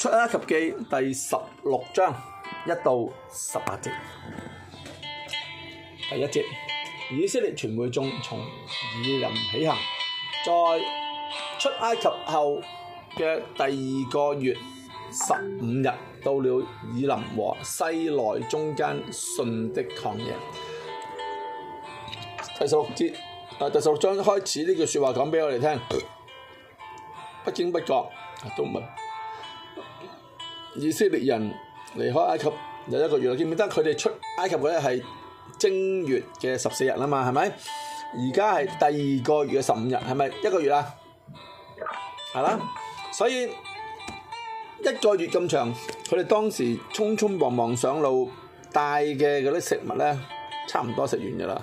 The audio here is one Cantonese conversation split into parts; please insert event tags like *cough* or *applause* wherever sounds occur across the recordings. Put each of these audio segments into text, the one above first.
出埃及記第十六章一到十八節，第一節，以色列全會眾從以琳起行，在出埃及後嘅第二個月十五日，到了以琳和西奈中間汛的曠野。第十六節，啊，第十六章開始呢句説話講俾我哋聽，不經不覺，啊、都唔～以色列人離開埃及有一個月，記唔記得？佢哋出埃及嗰日係正月嘅十四日啦嘛，係咪？而家係第二個月嘅十五日，係咪一個月啊？係啦，所以一個月咁長，佢哋當時匆匆忙忙上路，帶嘅嗰啲食物咧，差唔多食完㗎啦。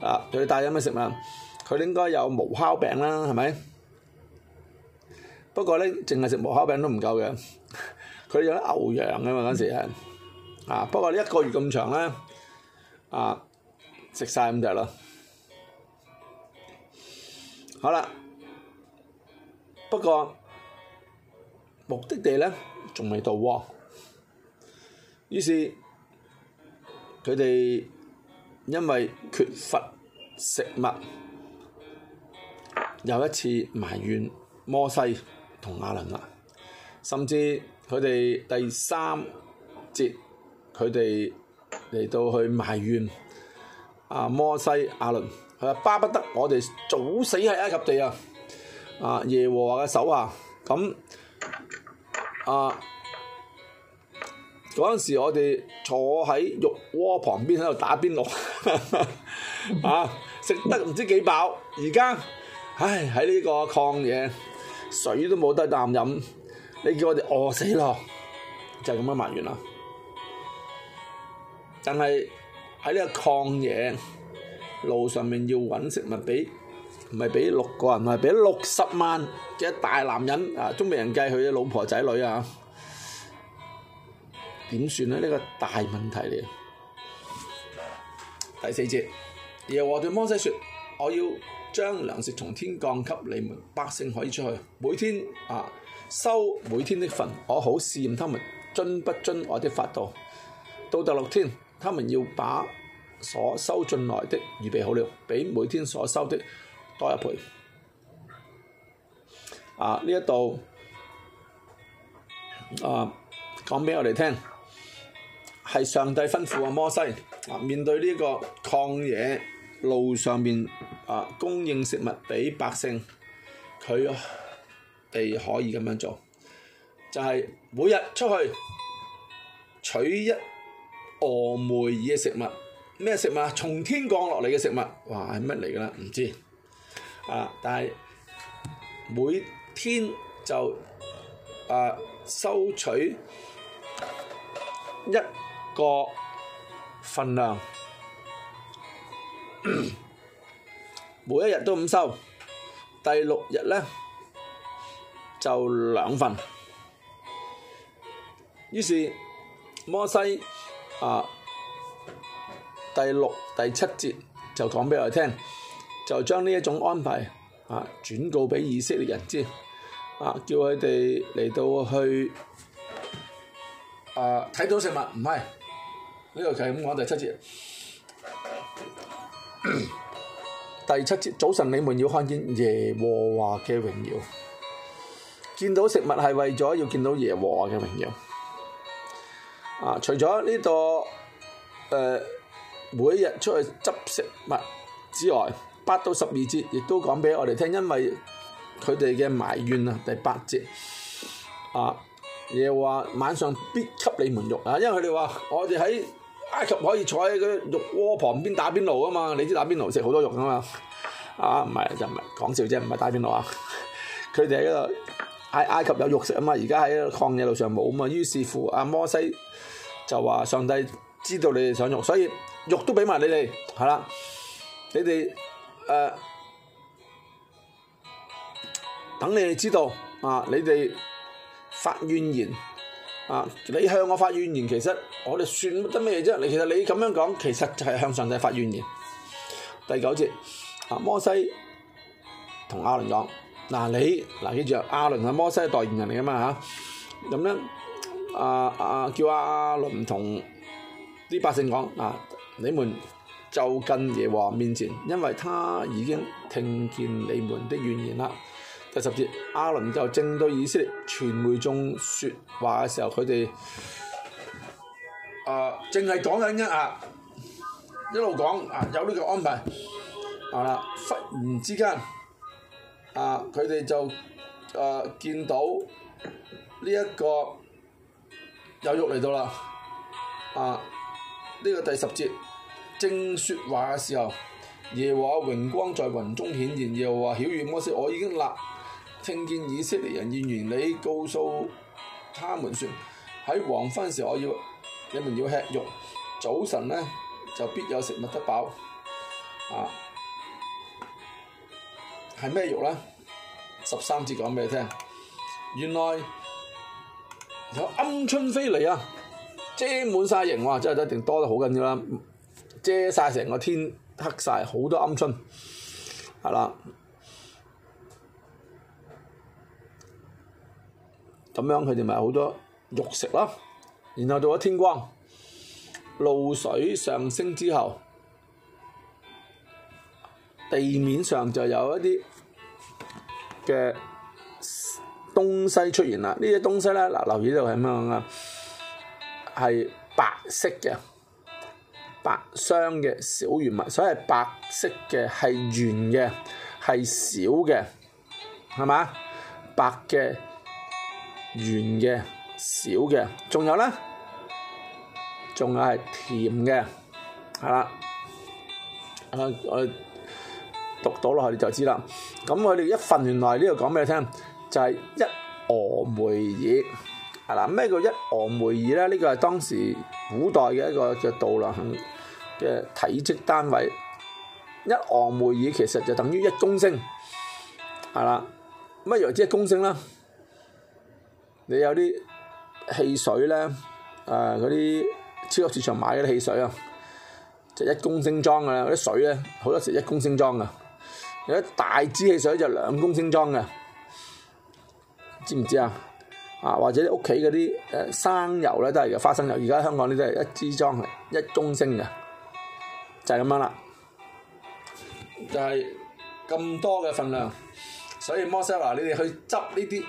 啊，佢哋帶咗咩食物？佢哋應該有無酵餅啦，係咪？不過咧，淨係食無酵餅都唔夠嘅。佢有啲牛羊嘅嘛，嗰時係，啊！不過呢一個月咁長咧，啊，食曬咁滯啦。好啦，不過目的地咧，仲未到喎，於是佢哋因為缺乏食物，又一次埋怨摩西同亞倫啦，甚至。佢哋第三節，佢哋嚟到去埋怨，啊，摩西亞倫，佢話巴不得我哋早死喺埃及地啊，啊耶和華嘅手那啊，咁啊嗰陣時我哋坐喺肉鍋旁邊喺度打邊爐，啊食得唔知幾飽，而家唉喺呢個曠野，水都冇得啖飲。你叫我哋餓死咯，就係咁樣埋怨啦。但係喺呢個曠野路上面要揾食物，畀唔係畀六個人，係畀六十萬嘅大男人啊，都未人計佢嘅老婆仔女啊，點算呢？呢個大問題嚟。第四節，耶和華對摩西說：我要將糧食從天降給你們，百姓可以出去，每天啊。收每天的份，我好試驗他們遵不遵我的法度。到第六天，他們要把所收進來的預備好了，比每天所收的多一倍。啊，呢一度啊講俾我哋聽，係上帝吩咐阿摩西啊，面對呢個曠野路上面啊，供應食物俾百姓，佢啊。你可以咁樣做，就係每日出去取一俄梅爾嘅食物，咩食物？從天降落嚟嘅食物，哇係乜嚟㗎啦？唔知，啊！但係每天就啊收取一個份量，每一日都咁收，第六日咧。就兩份。於是摩西啊，第六第七節就講俾我哋聽，就將呢一種安排啊轉告畀以色列人知，啊叫佢哋嚟到去啊睇到食物，唔係呢個就係咁講第七節，第七節 *coughs* 早晨你們要看見耶和華嘅榮耀。見到食物係為咗要見到耶和華嘅榮耀。啊，除咗呢度誒每日出去執食物之外，八到十二節亦都講俾我哋聽，因為佢哋嘅埋怨啊，第八節啊，耶和華晚上必給你們肉啊，因為佢哋話我哋喺埃及可以坐喺嗰啲肉鍋旁邊打邊爐啊嘛，你知打邊爐食好多肉啊嘛。啊，唔係就唔係講笑啫，唔係打邊爐啊，佢哋喺嗰度。埃及有肉食啊嘛，而家喺曠野路上冇啊嘛，於是乎阿摩西就話：上帝知道你哋想肉，所以肉都俾埋你哋，係啦，你哋誒等你哋知道啊、呃，你哋發怨言啊、呃，你向我發怨言，其實我哋算得咩啫？你其實你咁樣講，其實就係向上帝發怨言。第九節，阿摩西同亞倫講。嗱、啊、你嗱、啊、記住阿倫係摩西嘅代言人嚟噶嘛嚇，咁咧阿阿叫阿阿倫同啲百姓講啊，你們就近耶和華面前，因為他已經聽見你們的怨言啦。第十節，阿倫就正對以色列全會眾説話嘅時候，佢哋啊，淨係講緊一嚇，一路講啊，有呢個安排啊，忽然之間。啊！佢哋就啊見到呢一個有肉嚟到啦！啊，呢、這個啊這個第十節正説話嘅時候，耶和華榮光在雲中顯現，耶和華曉諭摩西，我已經立，聽見以色列人怨言，你告訴他們説：喺黃昏時我要你們要吃肉，早晨呢，就必有食物得飽。啊！係咩肉咧？十三節講俾你聽，原來有鵪鶉飛嚟啊，遮滿曬營我話，真係一定多得好緊要啦，遮曬成個天黑曬，好多鵪鶉，係啦。咁樣佢哋咪好多肉食咯，然後到咗天光，露水上升之後，地面上就有一啲嘅東西出現啦，呢啲東西咧，嗱，留意到係乜嘢啊？係白色嘅，白霜嘅小圓物，所以係白色嘅，係圓嘅，係小嘅，係嘛？白嘅，圓嘅，小嘅，仲有咧，仲有係甜嘅，係啦，誒誒。讀到落去你就知啦。咁我哋一份原來呢度講俾你聽，就係、是、一俄梅爾係啦。咩叫一俄梅爾咧？呢、這個係當時古代嘅一個嘅度量嘅體積單位。一俄梅爾其實就等於一公升係啦。乜又知一公升啦？你有啲汽水咧，誒嗰啲超級市場買嗰啲汽水啊，就是、一公升裝㗎啦。啲水咧好多時一公升裝㗎。有一大支汽水就兩公升裝嘅，知唔知啊？啊，或者屋企嗰啲誒生油咧都係嘅花生油，而家香港呢都係一支裝，一公升嘅，就係咁樣啦。就係咁多嘅份量，所以摩西啊，你哋去執呢啲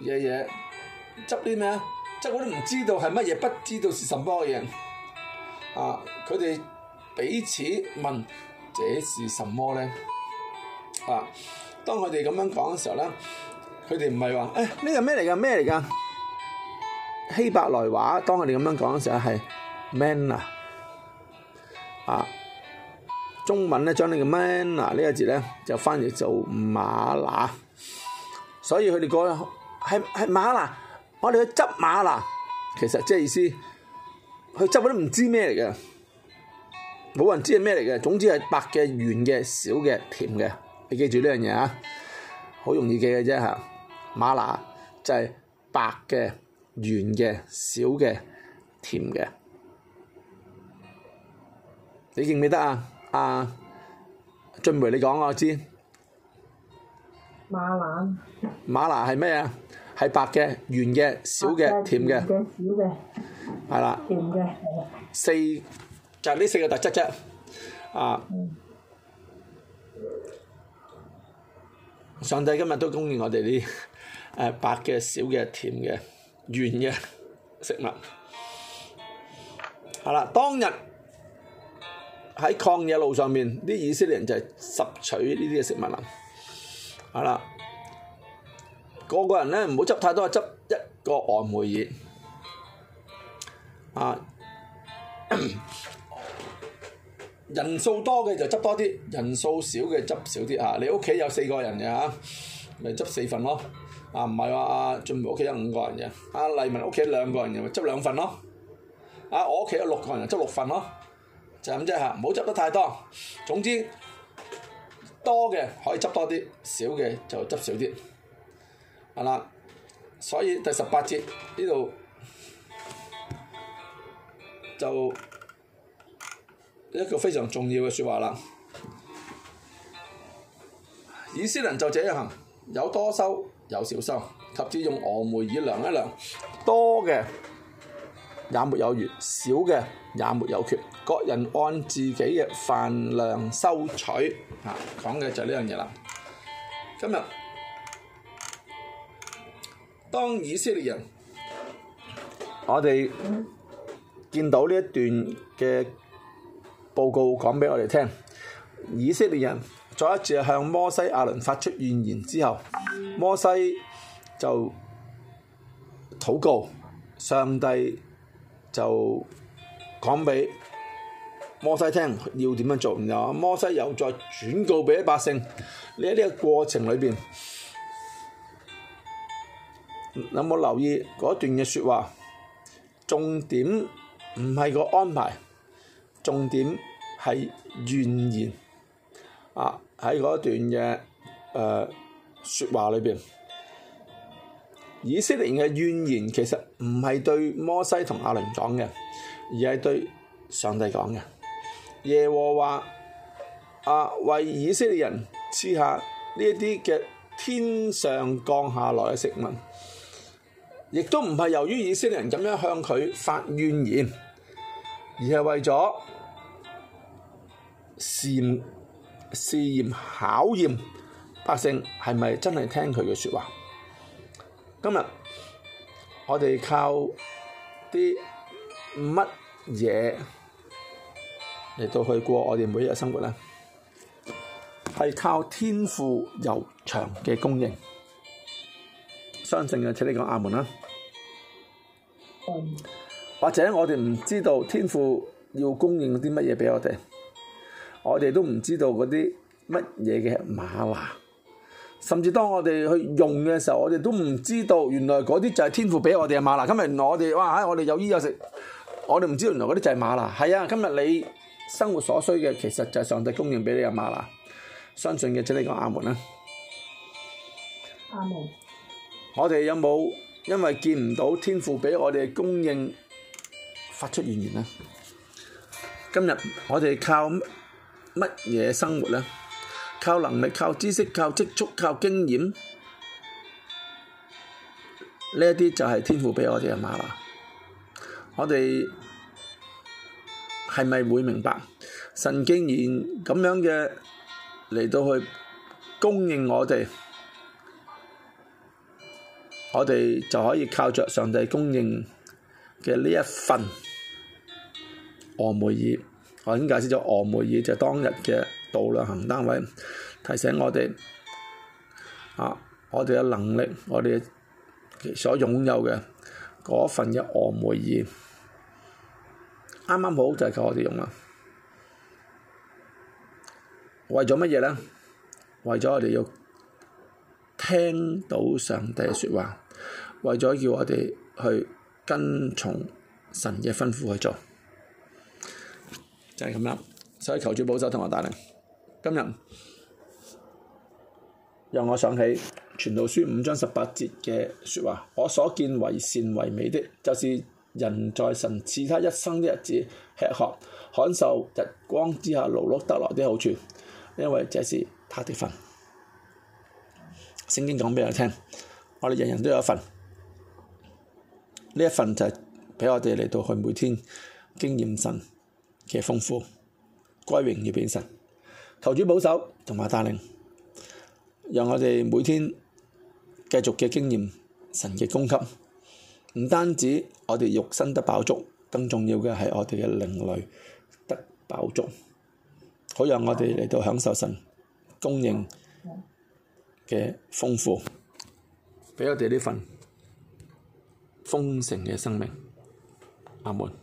嘢嘢，執啲咩啊？執嗰啲唔知道係乜嘢，不知道是什麼嘅嘢。啊，佢哋彼此問這是什麼咧？啊！當佢哋咁樣講嘅時候咧，佢哋唔係話誒呢個咩嚟㗎？咩嚟㗎？希伯來話，當佢哋咁樣講嘅時候係 man 啊！啊！中文咧將呢個 man 啊呢個字咧就翻譯做嗎哪，所以佢哋講係係嗎哪。我哋去執嗎哪，其實即係意思，去執嗰啲唔知咩嚟嘅，冇人知係咩嚟嘅。總之係白嘅、圓嘅、少嘅、甜嘅。你記住呢樣嘢啊，好容易記嘅啫嚇。嗎哪就係白嘅、圓嘅、小嘅、甜嘅。你認唔認得啊？阿俊梅，你講我知。嗎哪，嗎哪係咩啊？係白嘅、圓嘅、小嘅、甜嘅。白嘅、圓嘅、小嘅，係啦。甜嘅。四就係呢四個特質啫。啊。上帝今日都供應我哋啲誒白嘅、小嘅、甜嘅、圓嘅食物。好啦，當日喺曠野路上面，啲以色列人就係拾取呢啲嘅食物啦。好啦，個個人咧唔好執太多，執一個俄梅珥。啊！人數多嘅就執多啲，人數少嘅執少啲嚇、啊。你屋企有四個人嘅嚇，咪、啊、執四份咯。啊，唔係話阿俊梅屋企有五個人嘅，阿、啊、麗文屋企兩個人嘅咪執兩份咯。啊，我屋企有六個人，執六份咯。就咁啫嚇，唔好執得太多。總之，多嘅可以執多啲，少嘅就執少啲。係啦，所以第十八節呢度就。一個非常重要嘅説話啦，以色列人就這樣行，有多收有少收，及至用俄梅爾量一量，多嘅也沒有餘，少嘅也沒有缺，各人按自己嘅飯量收取，嚇，講嘅就呢樣嘢啦。今日當以色列人， *noise* 我哋見到呢一段嘅。報告講俾我哋聽，以色列人再一次向摩西亞倫發出怨言之後，摩西就禱告，上帝就講俾摩西聽要點樣做，然後摩西又再轉告俾啲百姓，呢一啲嘅過程裏邊，有冇留意嗰段嘅説話？重點唔係個安排。重點係怨言。啊，喺嗰段嘅誒説話裏邊，以色列人嘅怨言其實唔係對摩西同亞倫講嘅，而係對上帝講嘅。耶和華啊，為以色列人賜下呢一啲嘅天上降下來嘅食物，亦都唔係由於以色列人咁樣向佢發怨言，而係為咗。試驗，試驗，考驗百姓係咪真係聽佢嘅説話？今日我哋靠啲乜嘢嚟到去過我哋每一日生活咧？係靠天父悠長嘅供應，相信嘅請你講阿門啦。或者我哋唔知道天父要供應啲乜嘢俾我哋？我哋都唔知道嗰啲乜嘢嘅嗎哪，甚至當我哋去用嘅時候，我哋都唔知道原來嗰啲就係天父畀我哋嘅嗎哪。今日我哋，哇！我哋有衣有食，我哋唔知原來嗰啲就係嗎哪。係啊，今日你生活所需嘅其實就係上帝供應俾你嘅嗎哪。相信嘅請你講阿門啦。阿門。我哋有冇因為見唔到天父俾我哋供應發出怨言啊？今日我哋靠乜嘢生活咧？靠能力、靠知識、靠積蓄、靠經驗，呢一啲就係天父俾我哋嗎哪啦！我哋係咪會明白神竟然咁樣嘅嚟到去供應我哋，我哋就可以靠着上帝供應嘅呢一份俄梅爾？我已經解釋咗俄梅爾就係當日嘅度量衡單位，提醒我哋啊，我哋嘅能力，我哋所擁有嘅嗰份嘅俄梅爾，啱啱好就係靠我哋用啦。為咗乜嘢咧？為咗我哋要聽到上帝嘅説話，為咗叫我哋去跟從神嘅吩咐去做。就係咁啦，所以求主保守同我帶領。今日讓我想起《傳道書》五章十八節嘅説話，我所見為善為美的，就是人在神賜他一生的日子吃喝，享受日光之下勞碌得來的好處，因為這是他的份。聖經講俾我聽，我哋人人都有一份，呢一份就係畀我哋嚟到去每天經驗神嘅豐富，歸榮耀畀神，求主保守同埋帶領，讓我哋每天繼續嘅經驗神嘅供給，唔單止我哋肉身得飽足，更重要嘅係我哋嘅靈裡得飽足，好讓我哋嚟到享受神供應嘅豐富，畀我哋呢份豐盛嘅生命，阿門。